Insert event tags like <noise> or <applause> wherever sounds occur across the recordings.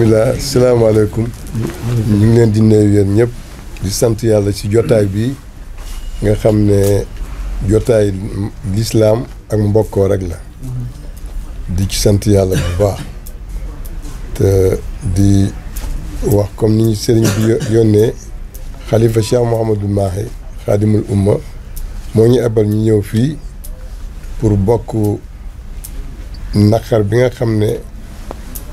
bisimilah salaamaaleykum ñu ngi leen di nuyu yéen ñëpp di sant yàlla ci jotaay bi nga xam ne jotaay lislaam ak mbokkoo rek la di ci sant yàlla bu baax te di wax comme ni ñu sëriñ bi yónnee xalifa Cheikh Mouhamadou Mahi xaadimul umma moo ñu ebal ñu ñëw fii pour bokk naqar bi nga xam ne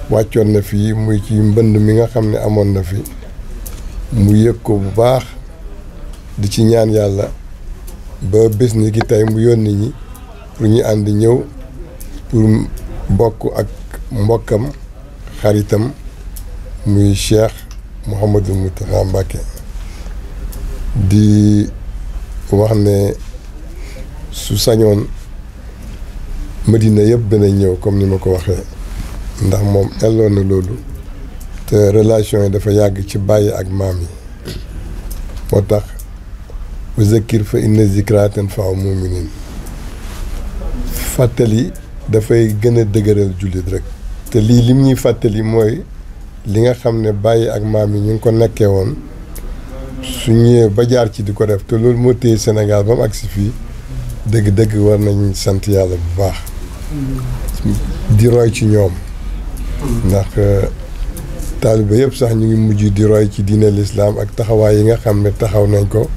wàccoon na fii muy ci mbënd mi nga xam ne amoon na fi mu yëg ko bu baax di ci ñaan yàlla ba bés ni ki tey mu yónni ñi pour ñu ànd ñëw pour bokk ak mbokkam xaritam muy Cheikh Mouhamadou Mountakha Mbacké di wax ne su sañoon Madina yëpp dana ñëw comme ni ma ko waxee ndax moom elloon na loolu te relation yi dafa yàgg ci bàyyi ak maam yi moo tax wa zakkir fa inna zikraa tanfa'u mu'minin fàttali dafay gën a dëgëral jullit rek te lii li ñuy fàttali mooy li nga xam ne bàyyi ak maam yi ñu ngi ko nekkee woon su ñëwee ba jaar ci di ko def te loolu moo téye senegal ba ak agsi fii dëgg-dëgg war nañ sant yàlla bu baax mm-hmm. di roy ci ñoom ndax euh, talibé yépp sax ñu ngi mujj di roy ci diine l'islam ak taxawaay yi nga xam ne taxaw nañ ko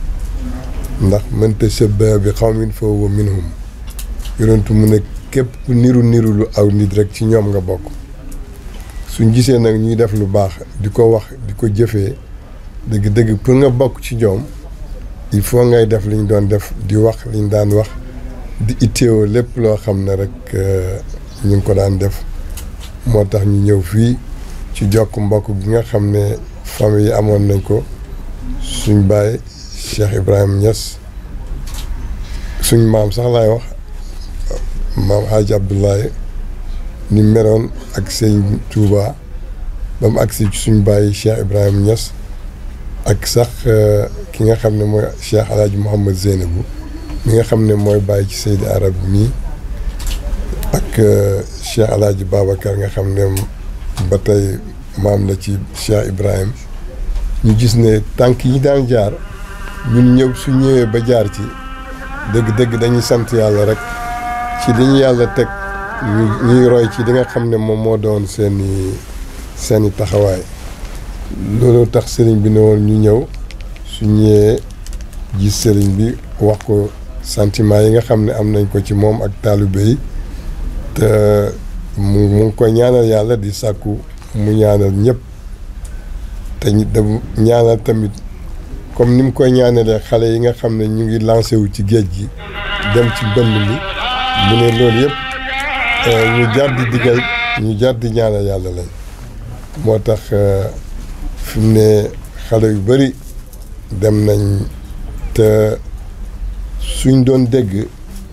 ndax mënta sëbba bi xawmin foowa minhum yonentu mu ne képp ku niru niru lu aw nit rek ci ñoom nga bokk suñ gisee nag ñuy def lu baax di ko wax di ko jëfee dëgg-dëgg pour nga bokk ci ñoom il faut ngay def liñ doon def di wax liñ daan wax di itteewoo lépp loo xam ne rek euh, ñu ngi ko daan def moo tax ñu ñëw fii ci jokk mbokk bi nga xam ne famille yi amoon nañ ko suñ baay Cheikh ibrahim Niass suñ maam sax laay wax maam Hadj Abdoulaye ni meloon ak sëñ Touba ba mu agsi ci suñ baay Cheikh ibrahim Niass ak sax euh, ki nga xam ne mooy Cheikh El Hadj Mouhamed Zeynabou mi nga xam ne mooy bàyyi ci Seydi Arab mii ak. Euh, Cheikh Alaaji Babacar nga xam ne ba tey maam la ci Cheikh Ibrahim ñu gis ne tànk yi daan jaar ñun ñëw su ñëwee ba jaar ci dëgg-dëgg dañuy sant yàlla rek ci li ñu yàlla teg ñu ñuy roy ci li nga xam ne moom moo doon seeni seeni taxawaay loolu tax sëriñ bi ne woon ñu ñëw su ñëwee gis sëriñ bi wax ko santiment yi nga xam ne am nañ ko ci moom ak taalibe yi te mu mu ngi koy ñaanal yàlla di sàkku mu ñaanal ñëpp te ñu dem ñaanal tamit comme ni mu koy ñaanalee xale yi nga xam ne ñu ngi lancé wu ci géej gi dem ci bënd mi mu ne loolu yëpp euh, ñu jar di digal ñu jar di ñaanal yàlla lañ moo tax euh, fi mu ne xale yu bëri dem nañ te suñ doon dégg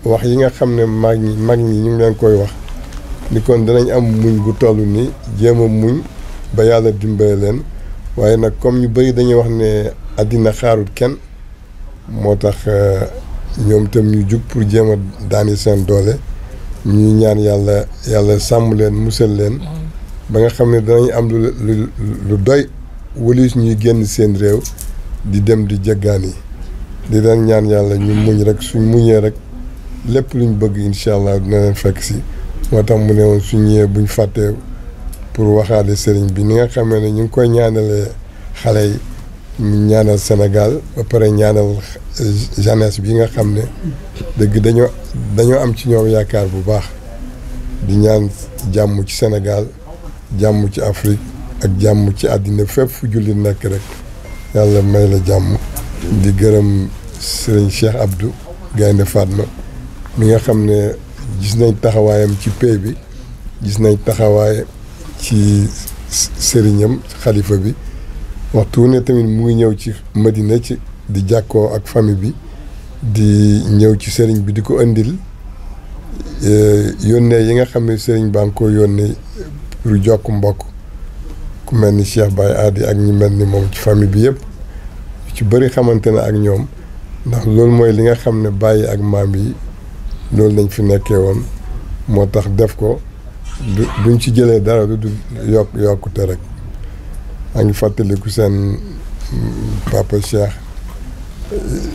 wax yi nga xamne ne mag ñi mag ñi ñu leen koy wax ni kon dinañ am muñ gu tollu ni jema muñ ba yalla dimbalé len waye nak comme ñu bari dañuy wax ne adina xaarut ken motax euh, ñom tam ñu juk pour jema dani sen doole ñuy ñaan yalla yalla leen mussel leen ba nga xamne dañuy am lu lu doy walis ñuy genn sen rew di dem di jéggaan di dañ ñaan yalla ñu muñ rek suñ rek lépp luñ bëgg incha allah dina leen fekk si moo tax mu ne woon su ñëwee buñ fàttee pour waxaale sëriñ bi ni nga xamee ne ñu ngi koy ñaanalee xale yi mu ñaanal Sénégal ba pare ñaanal jeunesse bi nga xam ne dëgg dañoo dañoo am ci ñoom yaakaar bu baax di ñaan jàmm ci Sénégal jàmm ci Afrique ak jàmm ci àddina fépp fu jullit nekk rek yàlla may la jàmm di gërëm sëriñ Cheikh abdu Gaynde Fatma mi nga xam ne gis nañ taxawaayam ci pay bi gis nañ taxawaay ci sëriñam xalifa bi waxtu ne tamit mu ngi ñëw ci madine ci di jàkkoo ak famille bi di ñëw ci sëriñ bi di ko indil e, yónnee yi nga xam ne sëriñ baa ngi ko yónnee pour jokk mbokk ku mel ni Cheikh Baye Adi ak ñi mel ni moom ci famille bi yëpp ci bëri xamante ne ak ñoom ndax loolu mooy li nga xam ne bàyyi ak maam yi loolu dañ fi nekkee woon moo tax def ko du duñ ci jëlee dara du du yokk yokkute rek a ngi fàttaliku seen mm, papa Cheikh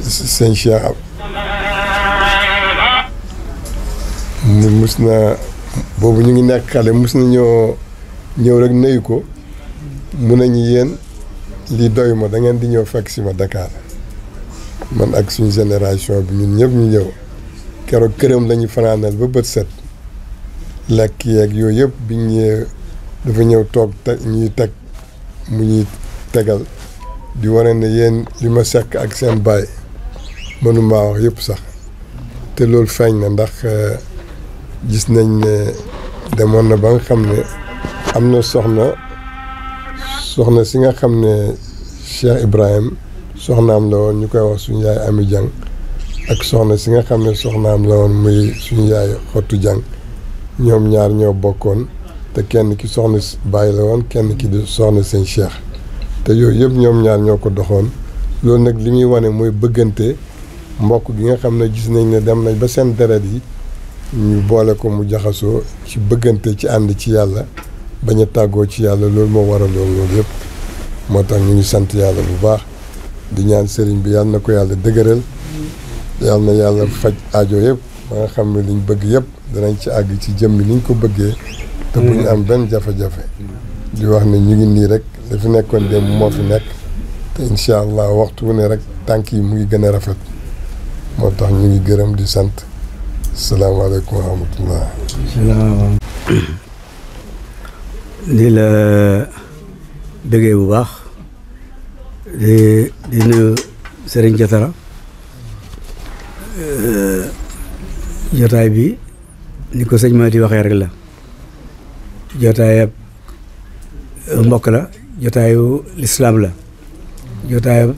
seen Cheikh mu mus na boobu ñu ngi nekk xale mus na ñoo ñëw rek nuyu ko mun ñu yéen lii doy ma da di ñëw fekk si ma Dakar man ak suñu génération bi ñun ñëpp ñu ñëw keroog këram lañu fanaanal ba bët set lakk yeeg yooyu yëpp bi ñu dafa ñëw toog te ñuy teg mu ñuy tegal di wane ne yéen li ma sekk ak seen baay mënumaa wax yëpp sax te loolu feeñ na ndax euh, gis nañ ne demoon na ba nga xam ne am na soxna soxna si nga xam ne Cheikh Ibrahim soxnaam la woon ñu koy wax suñu yaay Ami Diang ak soxna si nga xam ne soxnaam la woon muy suñu yaay xottu jàng ñoom ñaar ñoo bokkoon te kenn ki soxna bàyyi la woon kenn ki di soxna seen Cheikh te yooyu yëpp ñoom ñaar ñoo ko doxoon loolu nag li muy wane mooy bëggante mbokk gi nga xam ne gis nañ ne dem nañ ba seen deret yi ñu boole ko mu jaxasoo ci bëggante ci ànd ci yàlla bañ a tàggoo ci yàlla loolu moo waral loolu yëpp moo tax ñu ngi sant yàlla bu baax di ñaan sëriñ bi yàlla na ko yàlla dëgëral yal na yàlla faj ajo yëpp ba nga xam ne liñ bëgg yépp danañ ci àgg ci jëmmi niñ ko bëggee te bu ñu am mm. benn jafe-jafe di wax ne ñu ngi nii rek dafi nekkoon démb moo fi nekk te incha allah waxtu wu ne rek tànk yi mu ngi gën a rafet moo tax ñu ngi gërëm di sant salaamaaleykum wa rahmatullah di la bëggee bu baax di di nuyu Jatara jotaay bi ni ko sëñ ma di waxee rek la jotaayab euh, mbokk la jotaayu lislaam la jotaayab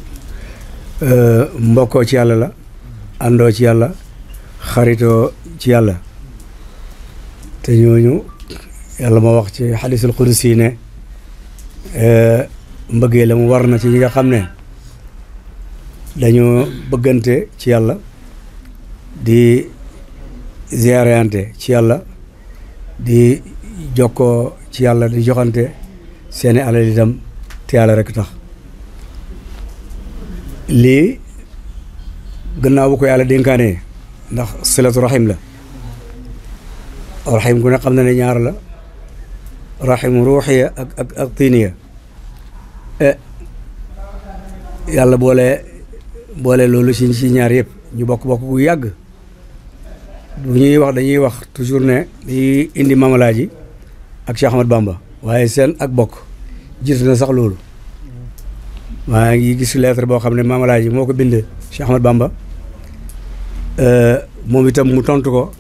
euh, mbokkoo ci yàlla la àndoo ci yàlla xaritoo ci yàlla te ñooñu yàlla moo wax ci xadiisul qudsi ne mbëggee la mu war na ci ñi nga xam ne dañoo bëggante ci yàlla di ziarante ci yàlla di jokko ci yàlla di joxante seeni alal itam te yàlla rek tax lii gannaaw bu ko yàlla dénkaanee ndax silatu rahim la rahim ku ne xam na ne ñaar la rahim ruuxiya ak ak ak tiiniya eh, yàlla boole boole loolu ci ci ñaar yëpp ñu bokk bokk bu yàgg bu ñuy wax dañuy wax toujours ne dañuy indi mamalaaji ak Cheikh Ahmad Bamba waaye seen ak bokk jiitu na sax loolu maa ngi gis lettre boo xam ne mamalaaji moo ko bind Cheikh Ahmad Bamba euh, moom itam mu tontu ko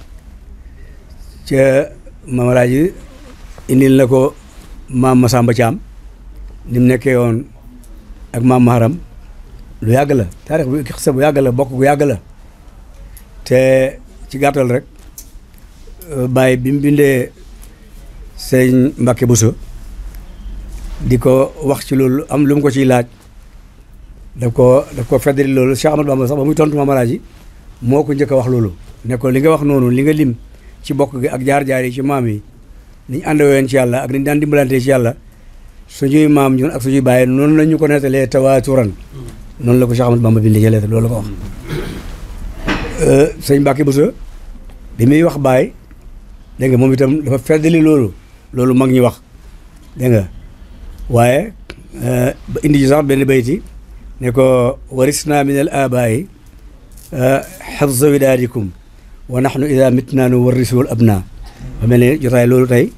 ca mamalaaji indil la ko maam Masamba Thiam ni mu nekkee woon ak maam Maharam lu yàgg la taarix bu xisa bu yàgg la bokk bu yàgg la ci gàttal rek euh, bay bi mu bindee sëñ Mbacke Bousso di ko wax ci loolu am lu ko ciy laaj daf ko daf loolu Cheikh Ahmadou Bamba sax ba muy tontu Mamalaaji yi moo ko njëkk a wax loolu ne ko li nga wax noonu li nga lim ci bokk gi ak jaar-jaar yi ci maam yi ni ñu àndaween ci yàlla ak ni ñu daan dimbalante ci yàlla suñuy maam ñun ak suñuy bàyyi noonu la ñu ko nettalee tawaaturan mm. noonu la ko Cheikh Ahmadou Bamba bindee ci lettre loolu ko wax euh, sëñ Mbacke Bousso bi muy wax baay dégg nga moom itam dafa feddali loolu loolu mag ñi wax dégg nga waaye euh, indi ci sax benn bayti ne ko warisna min al abaayi xafza euh, widaadikum wa nahnu ida mitna nu warrisul abna xam ne ne jotaay loolu tey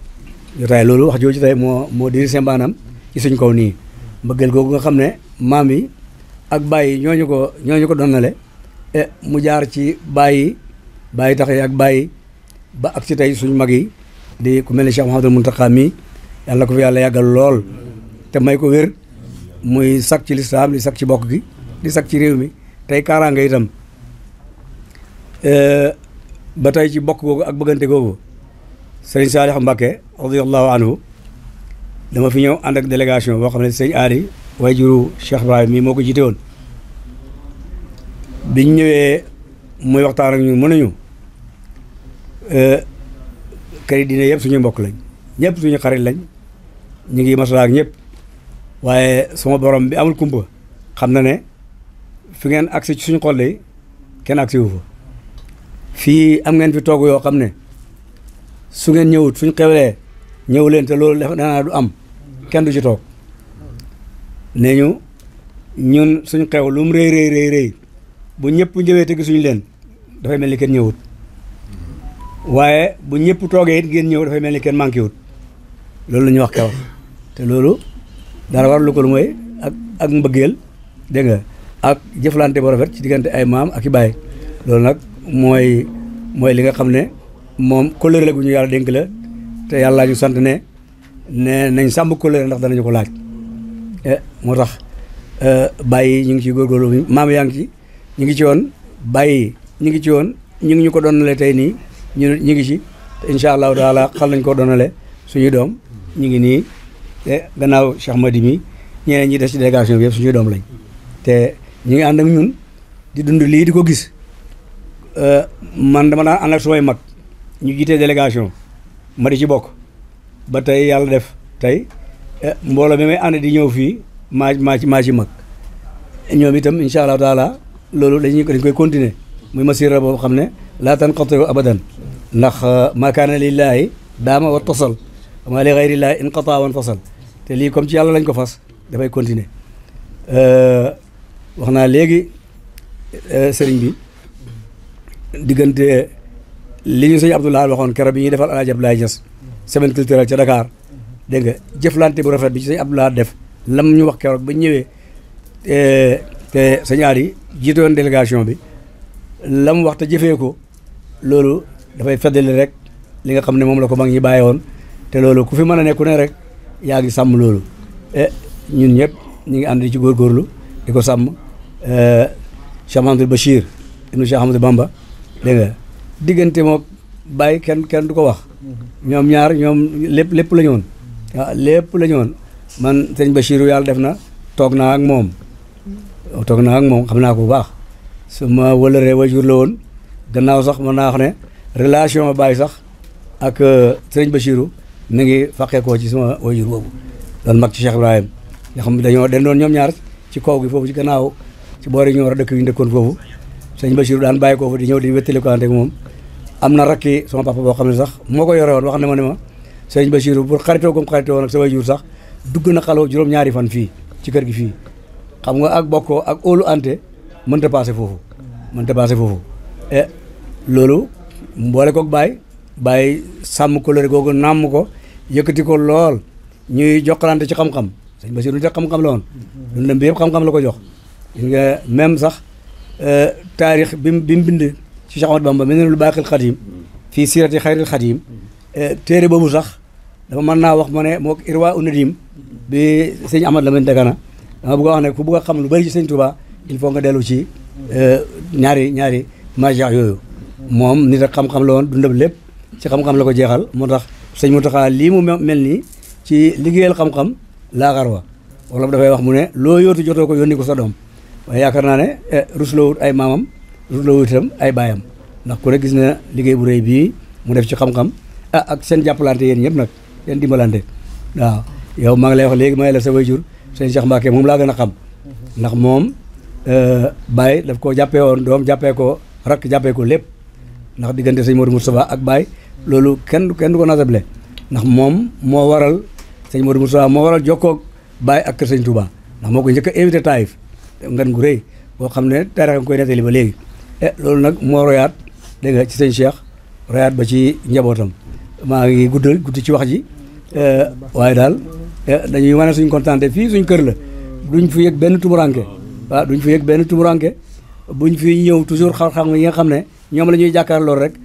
jotaay loolu wax jooju tey moo moo diri sembaanam ci suñ kaw nii mbëggeel googu nga xam ne maam yi ak baay ñooñu ko ñooñu ko donnale eh, mu jaar ci baay bàyyi tax yi ak bàyyi ba ak ci tey suñu mag yi di ku mel ne Cheikh Mouhamadou Mountakha mi yàlla ko fi yàlla yàggal lool te may ko wér muy sakk ci lislaam di sakk ci bokk gi di sakk ci réew mi tey kaaraange itam eh, ba tey ci bokk googu ak bëggante googu sëriñ Saalix Mbàkke radiyallahu anhu dama fi ñëw ànd ak délégation boo xam ne sëñ Ali waajuru Cheikh Ibrahim mi moo ko jiite woon biñ ñëwee muy waxtaan ak ñun mënuñu eh, kër yi dina yëpp suñu mbokk lañ ñëpp suñu xarit lañ ñu ngi masalaa ak ñëpp waaye sama borom bi amul kumpa xam na ne fi ngeen agsi ci suñu xol yi kenn agsi wu fa fii am ngeen fi toog yoo xam ne su ngeen ñëwut suñ xewlee ñëw leen te loolu def naa du am kenn du ci toog nee ñu ñun suñ xew lu mu rëy rëy bu ñëpp ñëwee te gisuñu leen dafay mel ni kenn ñëwut waaye bu ñëpp toogee it ngeen ñëw dafay mel ni kenn manqué wut loolu la ñuy wax kawar te loolu dara war lu ko lu mooy ak ak mbëggeel dégg nga ak jëflante bu rafet ci diggante ay maam ak i baay loolu nag mooy mooy li nga xam ne moom kóllëre la gu ñu yàlla dénk la te yàlla ñu sant ne ne nañ sàmm kóllëre ndax danañu ko laaj eh, moo tax eh, bàyyi ñu ngi ciy góorgóorlu maam yaa ngi ci ñi ngi ci won bàyyi ñi ngi ci won ñi ngi ñu ko doonale tey nii ñu ñu ngi ci inshallah taala xal nañ ko donalé suñu dom ñi ngi ni té gannaaw Cheikh Madi mi ñi des ci délégation yépp suñu dom lañ té ñi ngi and ak ñun di dund li di ko gis euh, man dama na and ak soy mag ñu jité délégation ma di ci bok ba tay yalla def tay euh, mbolo bi may and di ñew fi ma ma ci maa ci mag ñoom itam inshallah taala loolu dañuy dañ koy continuer muy masira boobu xam ne laa tanqati'u abadan ndax euh, makaana kaana lillaahi daama wa tasal ama li ghayrillaahi te lii comme ci yàlla ko fas dafay continuer euh, wax naa léegi euh, sëriñ bi diggante li ñu sëñ Abdoulaye waxoon keroog bi ñuy defal El Hadj Abdoulaye Niass semaine culturelle ca Dakar dégg nga jëflante bu rafet bi ci sëñ Abdoulaye def lam ñu wax keroog ba ñëwee te sëñ Aadi jiite woon délégation bi la mu wax te jëfee ko loolu dafay feddali rek li nga xam ne moom la ko mag ñi bàyyi woon te loolu ku fi mën a nekku ne rek yaa ngi sàmm loolu e, ñun ñëpp ñu ngi ànd di ci góorlu di ko sàmm e, Cheikh Mahamadul Bachir ibnu Cheikh Ahmadou Bamba dégg nga diggante moo bàyyi kenn kenn du ko wax ñoom ñaar ñoom lépp lépp la ñu woon waaw lépp la ñu man sëñ Bachir yàlla def na toog naa ak moom toog naa ak moom xam naa ko bu baax suma wëlëree wajur la woon gannaaw sax mën naa wax ne relation Baye sax ak euh, sëriñ Bachirou mi ngi fàqee koo ci suma wajur boobu doon mag ci Cheikh Ibrahim nga xam dañoo den doon ñoom ñaar ci kaw gi foofu ci gannaaw ci boori ñoo war a dëkk yu ñu dëkkoon foofu sëriñ Bachirou daan bàyyi ko di ñëw di wéttali ko moom am na rakki sama papa boo xam ne sax moo ko yore woon wax ne ma ne ma sëriñ Bachirou pour xaritoo gom xaritoo woon ak sa wajur sax dugg na xaloo juróom-ñaari fan fii ci kër gi fii xam nga ak bokkoo ak olu ante mënta passé foofu mënta passé foofu e loolu mboole koog baay bàyyi sàmm ko lëre googu nàmm ko yëkkati ko lool ñuy jokkalante ci xam-xam sëñ Basiru lu ñu xam-xam la woon lu dem yëpp xam-xam la ko jox nga même sax eh, taarix bi mu mu bind ci Cheikh Ahmad Bamba mi ne lu baaxil xadim fii siirati xayril xadim eh, téere boobu sax dafa mën naa wax ma ne moo irwa unadim bi sëñ Ahmad Lamine Dagana dama bëgg a wax ne ku bëgg a lu bari ci sëñ Touba il faut nga dellu ci euh, ñaari ñaari majax yooyu moom nit ak xam-xam la woon dundam lépp ci xam la ko jeexal moo tax sëñ Mountakha lii mu mel nii ci liggéeyal xam-xam laaxar wa dafay wax mu ne loo yootu jotoo ko yónni ko sa doom waaye yaakaar naa ne eh, ruslawut ay maamam ruslawut itam ay baayam ndax ku gis na liggéey bu rëy bii mu def ci xam-xam ah ak seen jàppalante yéen ñëpp nag seen dimbalante waaw yow maa ngi lay wax léegi may la sa way sëñ Cheikh Mbacke moom laa gën a xam mhm. ndax moom euh, Baye daf koo jàppee woon doom jàppee ko rakk jàppee ko lépp ndax diggante sëñ Modou Moustapha ak baay loolu kenn kenn du ko a naatable ndax moom moo waral sëñ Modou Moustapha moo waral jokkoo Baye ak kër sëñ Touba ndax moo ko njëkk a invité Taïf ngan gu rëy boo xam ne taarix nga koy nettali ba léegi eh, loolu nag moo royaat dégg ci sëñ Cheikh royaat ba ci njabootam maa ngi guddal guddi ci wax ji euh, waaye Eh, dañuy wane suñ contenté fii suñ kër la duñ fi yëg benn tumuranke waaw duñ fi yëg benn tumuranke buñ fi ñëw toujours xam-xam yi nga xam ne ñoom la ñuy jàkkaar loolu rek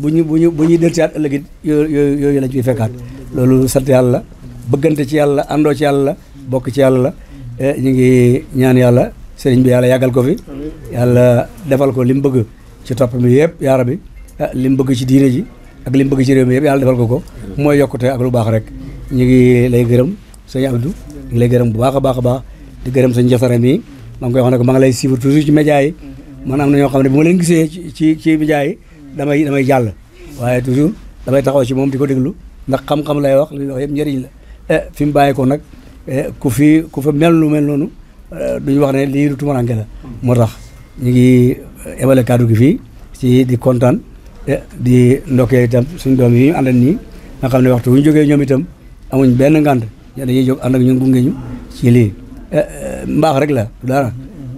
buñu buñu bu ñuy delsiwaat ëllëg yooyu yooyu lañ fiy fekkaat loolu sant yàlla la bëggante ci yàlla àndoo ci yàlla la bokk ci yàlla la eh, ñu ngi ñaan yàlla sëriñ bi yàlla yàggal ko fi yàlla defal ko lim bëgg ci topp mi yëpp yaara bi eh, lim bëgg ci diine ji ak lim bëgg ci réew mi yëpp yàlla defal ko ko mooy yokkute ak lu baax rek ñu ngi lay gërëm sëñ Abdou di lay gërëm bu baax a baax a baax di gërëm sëñ Jassara mi maa ngi koy wax ne maa ngi lay suivre toujours ci média yi man am na ñoo ne bu ma leen gisee ci ci média yi damay damay jàll waaye toujours damay taxaw si moom di ko déglu ndax xam-xam lay wax li wax yëpp njëriñ la eh, fi mu bàyyi ko nag eh, ku fi ku fa mel lu mel noonu eh, duñu wax ne lii du tumaranke la moo tax ñu ngi évalué gi fii ci di kontaan di ndokkee itam suñu doom yi ñu àndal nii nga xam ne waxtu bu ñu jógee ñoom itam amuñ benn ngànt dañuy jóg ànd ak ñun gunge ñu ci lii eh, eh, mbaax rek la dara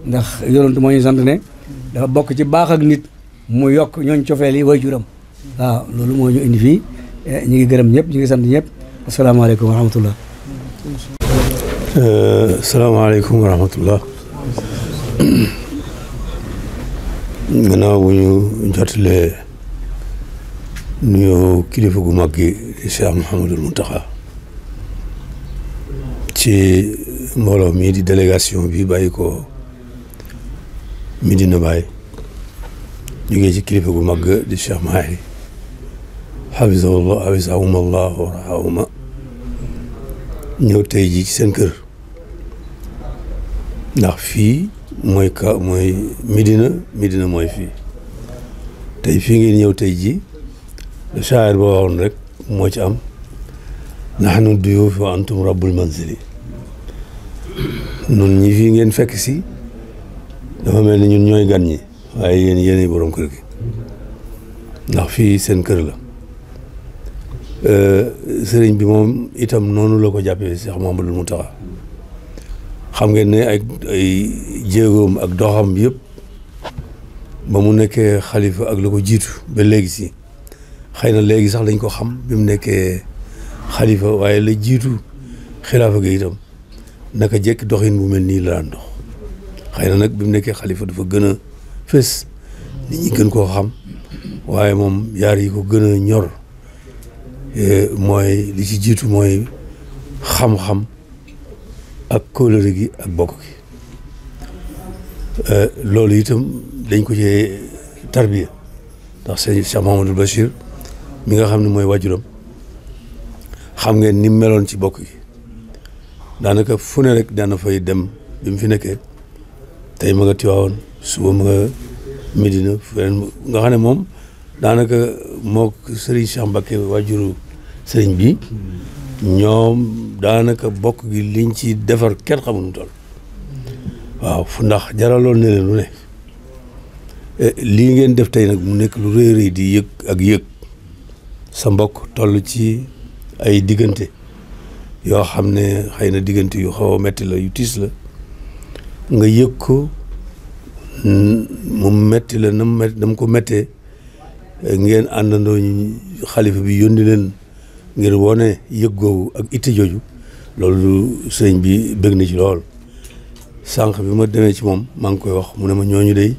ndax yonentu moo ñu sant dafa bokk ci baax ak nit mu yokk ñooñ cofeel yi way juram waaw loolu moo ñu indi fii eh, ñu ngi gërëm ñëpp ñu ngi sant ñëpp asalaamaaleykum wa rahmatullah asalaamaaleykum wa rahmatullah gannaaw bu ñu gu mag gi Cheikh Mouhamadul ci mbooloo mi di délégation bi bàyyi ko Medina Baye jógee ci kilifa gu mag di Cheikh Mahi xafisahullah xafisahum allah warahuma ñëw tey jii ci seen kër ndax fii mooy ka mooy Medina Medina mooy fii tey fii ngeen ñëw tey jii le shaar ba waxoon rek moo ci am nahnu duyuuf wa antum rabbul manzili noonu ñi fii ngeen fekk si dafa mel ni ñun ñooy gan ñi waaye yéen yéenay borom kër gi ndax fii seen kër la euh, sëriñ bi moom itam noonu la ko jàppee Cheikh Mouhamadou Mountakha xam ngeen ni ay ay jéegoom ak doxam yépp ba mu nekkee xalifa ak la ko jiitu ba léegi si xëy na léegi sax lañ ko xam bi mu nekkee xalifa waaye la jiitu xilaafa gi itam naka jekk doxin bu mel nii la daan dox xëy na nag bi mu nekkee xalifa dafa gën a fës nit ñi gën koo xam waaye moom yaar yi ko gën a ñor eh, mooy li ci jiitu mooy xam-xam ak kóllëre gi ak bokk gi eh, loolu itam dañ ko cee tarbiya ndax sëñ Cheikh Mahamadou Bachir mi nga xam ne mooy waajuram xam ngeen ni meloon ci bokk gi daanaka fu ne rek daana fay dem bi mu fi nekkee tey ma nga Tiwaawoon suba ma nga nga xam ne moom daanaka mook Serigne Cheikh Mbacké waajuru Serigne bi ñoom daanaka bokk gi liñ ci defar kenn xamul nu toll waaw fu ndax jaraloon ne leen lu eh, lii ngeen def tey nag mu nekk lu rëy rëy di yëg ak yëg sa mbokk toll ci ay diggante yoo xam ne xëy na diggante yu xaw a metti la yu tiis la nga yëg ko mu metti la na ko mettee ngeen àndandoo xalifa bi yónni leen ngir wone yëg googu ak itti jooju loolu sëñ bi bëgg na lool sànq bi ma demee ci moom maa ngi koy wax mu ne ma ñooñu day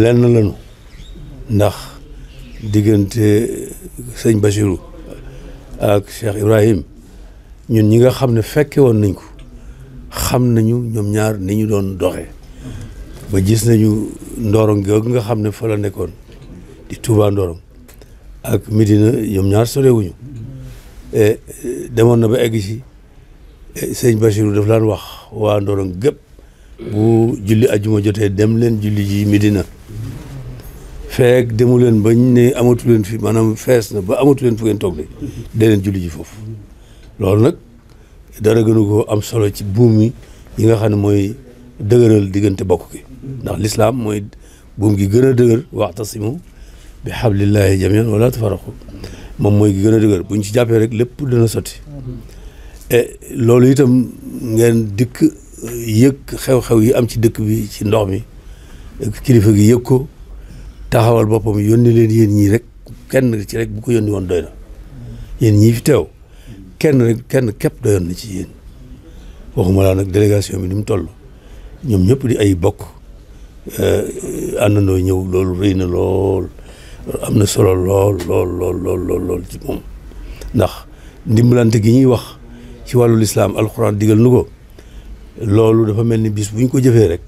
lenn lañu ndax diggante sëñ Bachirou ak Cheikh Ibrahim ñun ñi nga xam ne fekke woon nañ ko xam nañu ñoom ñaar ni ñu doon doxe ba gis nañu ndooroon googu nga xam ne fa la nekkoon di Touba Ndorong ak Medina ñoom ñaar sorewuñu e, demoon na ba egg si e, sëñ Bachirou daf laan wax waa Ndorong gépp bu julli ajuma jotee dem leen julli ji midina feek demu leen bañ ne amatu leen fi maanaam fees na ba amatu leen fu ngeen toog de dee leen julli ji foofu loolu nag dara gënu am solo ci buum yi yi nga xam ne mooy dëgëral diggante bokk gi ndax lislaam mooy buum gi gën a dëgër waxtasimu bi hablillahi jamian wala tafaraqu moom mooy gi gën a dëgër buñ ci jàppee rek lépp dana sotti e loolu itam ngeen dikk yëg xew-xew yi am ci dëkk bi ci ndox mi kilifa gi yëg ko taxawal boppam yónni leen yéen ñii rek kenn ci rek bu ko yónni woon doy na ñii fi teew kenn kenn képp doyoon na ci yéen waxuma laa nag délégation bi ni mu toll ñoom ñëpp di ay bokk euh, àndandoo ñëw loolu rëy na lool am na solo lool lool lool lool lool ci moom ndax ndimbalante gi ñuy wax ci wàllu lislaam alxuraan digal nu ko loolu dafa mel ni bis bu ñu ko jëfee rek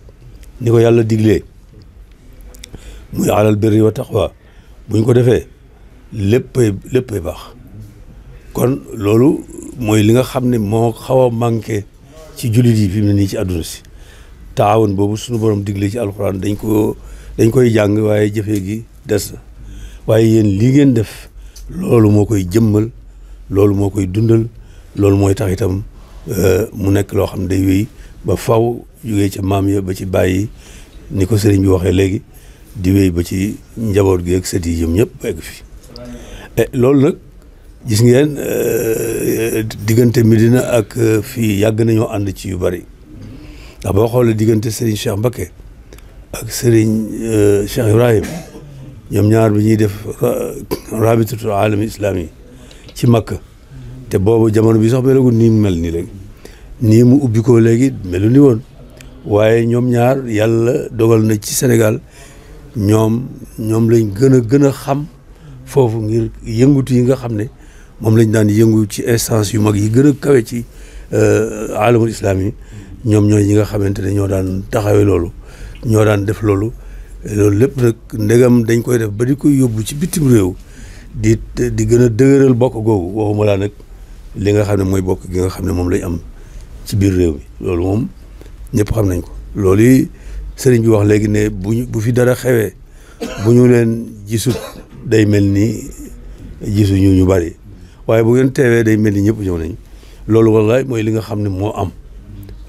ni ko yàlla diglee muy alal birri wa taqwa bu ñu ko defee léppay léppay baax kon loolu mooy li nga xam ne moo xaw a manqué ci jullit yi fi mu ne nii ci àdduna si taawun boobu suñu borom digle ci alxuraan dañ ko dañ koy jàng waaye jëfee gi des waaye yéen li ngeen def loolu moo koy jëmmal loolu moo koy dundal loolu mooy tax itam euh, mu nekk loo xam ne day wéy ba faw jógee ca maam ya ba ci bàyyi ni ko sëriñ bi waxee léegi di wéy ba ci njaboot gi ak sët yi yëm ñëpp egg fi eh, loolu nag gis ngeen euh, diggante Medina ak euh, fii yàgg nañoo ànd ci yu bari boo xoolee diggante Serigne Cheikh Mbacké ak Serigne euh, Cheikh Ibrahim ñoom ñaar bi ñuy def rabitatul alami islami ci Makka te boobu jamono bi sax melagul nii mel nii léegi nii mu ubbi ko léegi melu ni woon waaye ñoom ñaar yàlla dogal na ci Sénégal ñoom ñoom lañ gën a gën a xam foofu ngir yëngutu yi nga xam ne moom lañ daan yëngu ci instance yu mag yi gën a kawe ci euh, alamul islam yi ñoom ñooy ñi nga xamante ne ñoo daan taxawee loolu ñoo daan def loolu loolu lépp nag ndegam dañ koy def ba di koy yóbbu ci bitim réew di di gën a dëgëral bokk googu waxuma laa nag li nga xam ne mooy bokk gi nga xam ne moom lañ am ci biir réew mi loolu moom ñëpp xam nañ ko loolu yi sëriñ wax léegi ne buñu bu fi dara xewee bu ñu leen jisu day mel ni gisuñu ñu bari waaye bu ngeen teewee day mel ni ñëpp ñëw nañ loolu wallaay mooy li nga xam ne moo am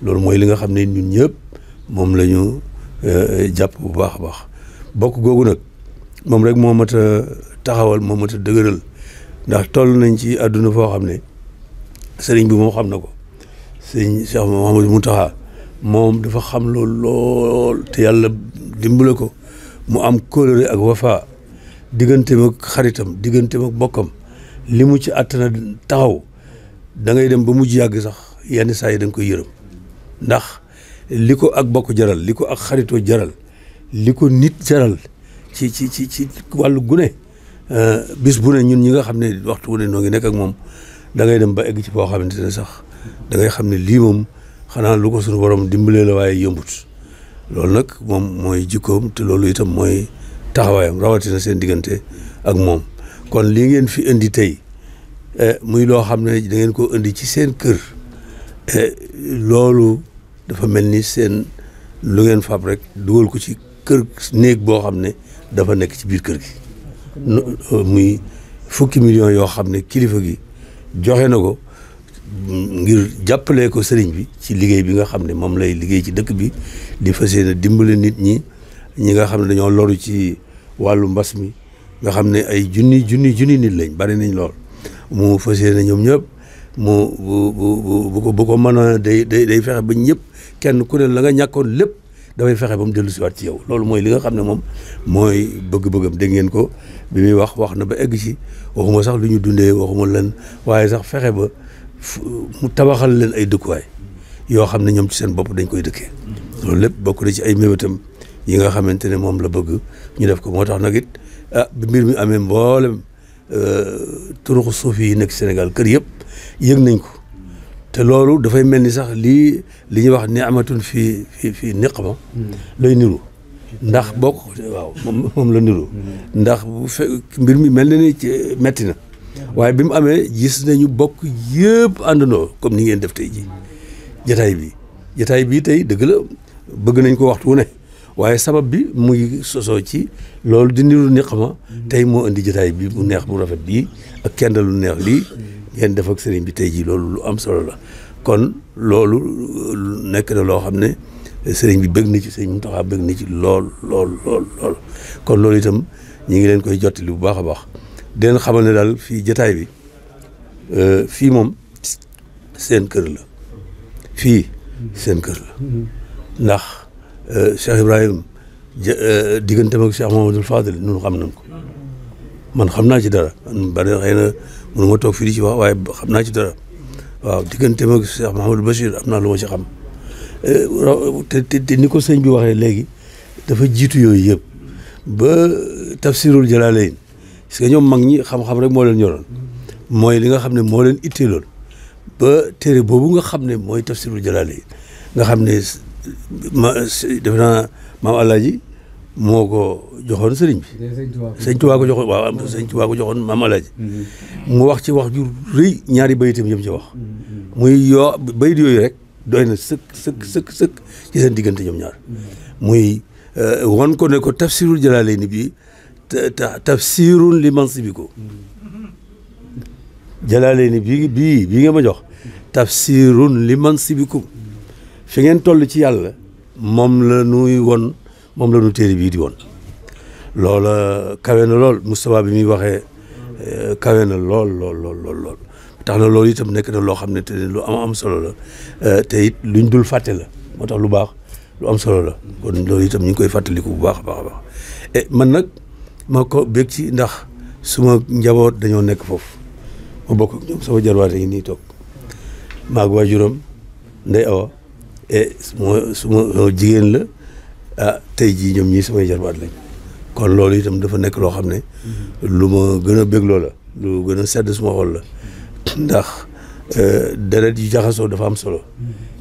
loolu mooy li nga xam ne ñun ñëpp moom la ñu euh, jàpp bu baax a baax bokk googu nag moom rek moo mat a taxawal moo mat dëgëral ndax toll nañ ci àdduna foo xam ne sëriñ bi moom xam na ko sëriñ Cheikh Mouhamadou Mountakha moom dafa xam loolu lool te yàlla dimbale ko mu am kóolóore ak wafa digganteem ak xaritam digganteem ak bokkam li mu ci àttana taxaw da ngay dem ba mujj yàgg sax yenn saa yi da koy yërëm ndax li ko ak bokk jaral li ko ak xaritoo jaral li ko nit jaral ci ci ci ci wàllu gune euh, bis bu ne ñun ñi nga xam ne waxtu wu ne noo ngi nekk ak moom dangay ngay dem ba egg ci boo xamante ne sax da ngay xam ne lii moom xanaa lu ko suñu borom dimbalee la waaye yëmbut loolu nag moom mooy jikkoom te itam mooy taxawaayam rawatina seen diggante ak moom kon li ngeen fi indi tey eh, muy loo xam ne dangeen ko indi ci seen kër eh, loolu dafa mel ni seen lu ngeen fab rek dugal ko ci kër néeg boo xam ne dafa nekk ci biir kër gi muy fukki million yoo xam ne kilifa gi joxe na ko ngir jàppalee ko sëriñ bi ci liggéey bi nga xam ne moom lay liggéey ci dëkk bi di fas yéene dimbale nit ñi ñi nga xam ne dañoo loru ci wàllu mbas mi nga xam ne ay junni junni junni nit lañ bari nañ lool mu fas yéene ñoom ñëpp mu bu bu bu ko bu mën a day day day fexe ba ñëpp kenn ku ne la nga ñàkkoon lépp dafay fexe ba mu dellu siwaat ci yow loolu mooy li nga xam ne moom mooy bëgg-bëggam dégg ngeen ko bi muy wax wax na ba egg si waxuma sax lu ñu dundee waxuma leen waaye sax fexe ba mu tabaxal leen ay dëkkuwaay yoo xam ne ñoom ci seen bopp dañ koy dëkkee loolu lépp bokk na ci ay mébétam ñi nga xamante ne moom la bëgg ñu def ko moo tax nag it Ah, bi mbir mi amee mboolem euh, turuxu suufi yi nekk Sénégal kër yëpp yëg nañ ko te loolu dafay mel ni sax lii li ñuy wax ni amatul fii fii fii niqama lay niru ndax bokk la niru ndax bu mbir mi mel na ni metti na waaye bi mu amee gis nañu bokk yëpp àndandoo comme ni ngeen def tey ji jataay bi jataay bi tey dëgg la bëgg nañ ko waxtu wu ne waaye sabab bi muy sosoo ci loolu di niru ni xama tey moo indi jotaay bi bu neex bu rafet bii ak kenn neex lii mhm. ngeen def ak sëriñ bi tey jii loolu lu am solo la kon loolu nekk na loo xam ne sëriñ bi bëgg na ci sëriñ Mountakha bëgg na ci lool lool kon loolu itam ñu ngi leen koy jottali bu baax a baax di leen ne daal fii jotaay bi euh, fii moom seen kër la fii mhm. seen kër la mhm. ndax Euh, Cheikh Ibrahim ja euh, digganteem ak Cheikh Mamadou Fadil ñun xam nañ ko man xam naa ci dara man bari xëy na mënu ma toog fii di ci wax waaye xam naa ci dara waaw digganteem ak Cheikh Mahamadou Bachir am naa lu ma ci xam euh, te ni ko sëñ bi waxee léegi dafa jiitu yooyu yëpp ba tafsirul jalaalayn parce que ñoom mag ñi xam-xam rek moo leen ñoroon mooy li nga xam ne moo leen itteeloon ba téere boobu nga xam ne mooy tafsirul jalaalayn nga xam ne ma def naa maam Alaaji moo ko joxoon sëriñ bi. sëñ Tuubaa ko joxoon waaw mm-hmm. maam Alaaji. Mm-hmm. mu wax ci wax ju rëy ñaari bayitam yëm ci wax. Mm-hmm. muy yoo bayit yooyu rek doy na sëkk sëkk sëkk sëkk ci seen diggante ñoom ñaar. muy euh, won ko ne ko tafsirul jalaalayni bi ta tafsirun li mansibiku jalaalayni bii bii bii nga ma jox tafsirun li mansibikum fi ngeen toll ci yàlla moom la nuy woon moom la nu téere bii di woon loola kawe na lool Moustapha bi muy waxee euh, kawe na lool lool lool lool tax na loolu itam nekk na loo xam ne te lu am am solo la euh, te lu luñ dul fàtte la moo tax lu baax lu am solo la kon lool itam ñu ngi koy fàttaliku bu baax a baax a baax et man nag ma ko bég ci ndax suma njaboot dañoo nekk foofu ma bokk ak ñoom sama jarwaate yi nii toog maag waajuram Ndey Awa Eh, suma suma jigéen la ah tey jii ñoom ñii samay jarbaat lañ kon loolu itam dafa nekk loo xam ne lu ma gën a bégloo la lu gën a sedd suma xol la ndax eh, deret yu jaxasoo dafa am solo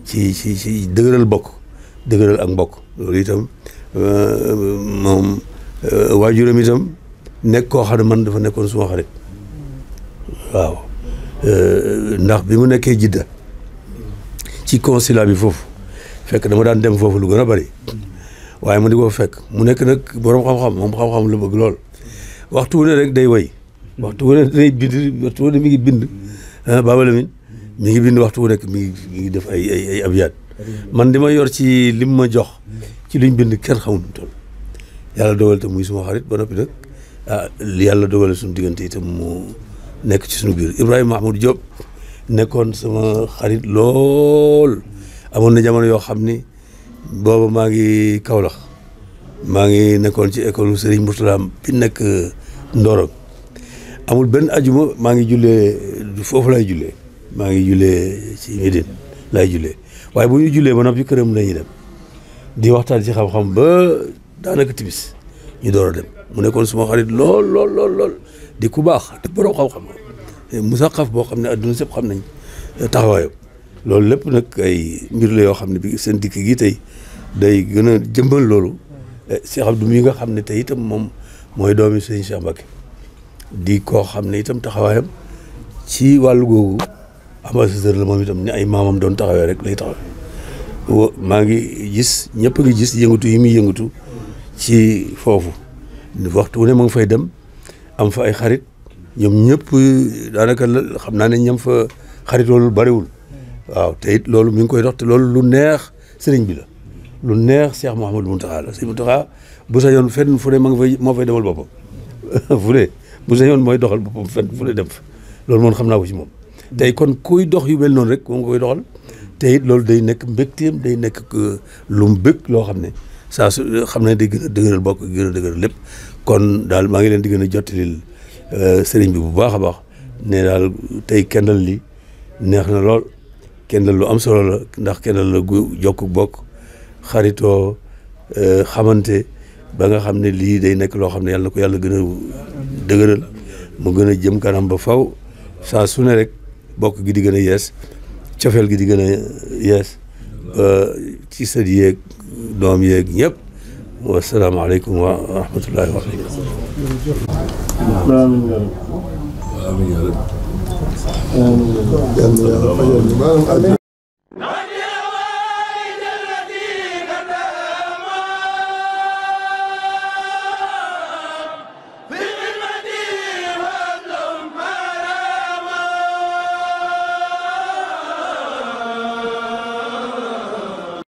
ci ci ci dëgëral bokk dëgëral ak mbokk loolu itam eh, moom waajuram itam nekk koo xam ne man dafa nekkoon suma xarit waaw ndax bi mu nekkee jidda ci consulat bi foofu fekk dama daan dem foofu lu gën a bëri waaye ma di ko fekk mu nekk nag borom xam-xam moom xam-xam lu bëgg lool waxtu wu ne rek day woy waxtu wu ne day bind waxtu wu ne mi ngi bind Baba Lamine mi ngi bind waxtu wu nekk mi ngi ngi def ay ay ay abyaat man li ma yor ci lim ma jox ci luñ bind kenn xamul toll yàlla dogal te muy suma xarit ba noppi nag ah yàlla dogal suñu diggante itam mu nekk ci suñu biir Ibrahima Mahmoud Diop nekkoon sama xarit lool. amoon na jamono yoo xam ni boobu maa ngi kawlax maa ngi nekkoon ci école Serigne Mourtala bi nekk uh, Ndorong amul benn ajuma maa ngi jullee foofu lay jullee maa ngi jullee ci Médine laay jullee waaye bu ñu jullee ba noppi këram la ñuy dem di waxtaan ci xam-xam ba daanaka timis ñu door dem mu nekkoon suma xarit lool lool lool di ku baax te borom xam-xam musaqaf boo xam ne adduna sëpp xam nañ uh, taxawaayam loolu lépp nag ay mbir yoo xam ne bi seen dikk gi tey day gën a jëmbal loolu eh, Cheikh Abdou mi nga xam ne tey itam moom mooy doomi Serigne Cheikh Mbacké di koo xam ne itam taxawaayam ci wàllu googu ambassadeur la moom itam ni ay maamam doon taxawee rek lay taxawee maa ngi gis ñëpp ngi gis yëngatu yi muy yëngatu ci foofu waxtu wu ne ma nga fay dem am fa ay xarit ñoom ñëpp daanaka xam naa ne ñam fa xarit loolu bariwul waaw te it loolu mi ngi koy dox te loolu lu neex sëriñ bi la lu neex Cheikh Mouhamadou Mountakha la Cheikh Mountakha bu sa yoon fenn fu ne ma nga fay moo fay demal boppam <laughs> fu ne bu sa yoon mooy doxal boppam fenn fu ne dem loolu moon xam naa ko ci moom tey kon kuy dox yu mel noonu rek moom nga doxal te it loolu day nekk mbégteem day nekk euh, lu mu bëgg loo xam ne saa su euh, xam ne day gën a dëgëral bokk gën a dëgëral lépp kon daal maa ngi leen di gën a jottalil euh, sëriñ bi bu baax a baax ne daal tey kendal li neex na lool kenn lu am solo la ndax kenn la gu jokk bokk xaritoo euh, xamante ba nga xam ne lii day nekk loo xam ne yàlla na ko yàlla gën a mu gën a jëm kanam ba faw saa su rek bokk gi di gën a yees cofeel gi di gën a yees ba ci sët yeeg doom yeeg ñëpp wasalaamaaleykum wa rahmatullahi wa yàlla na yàlla fajal ñu maanaam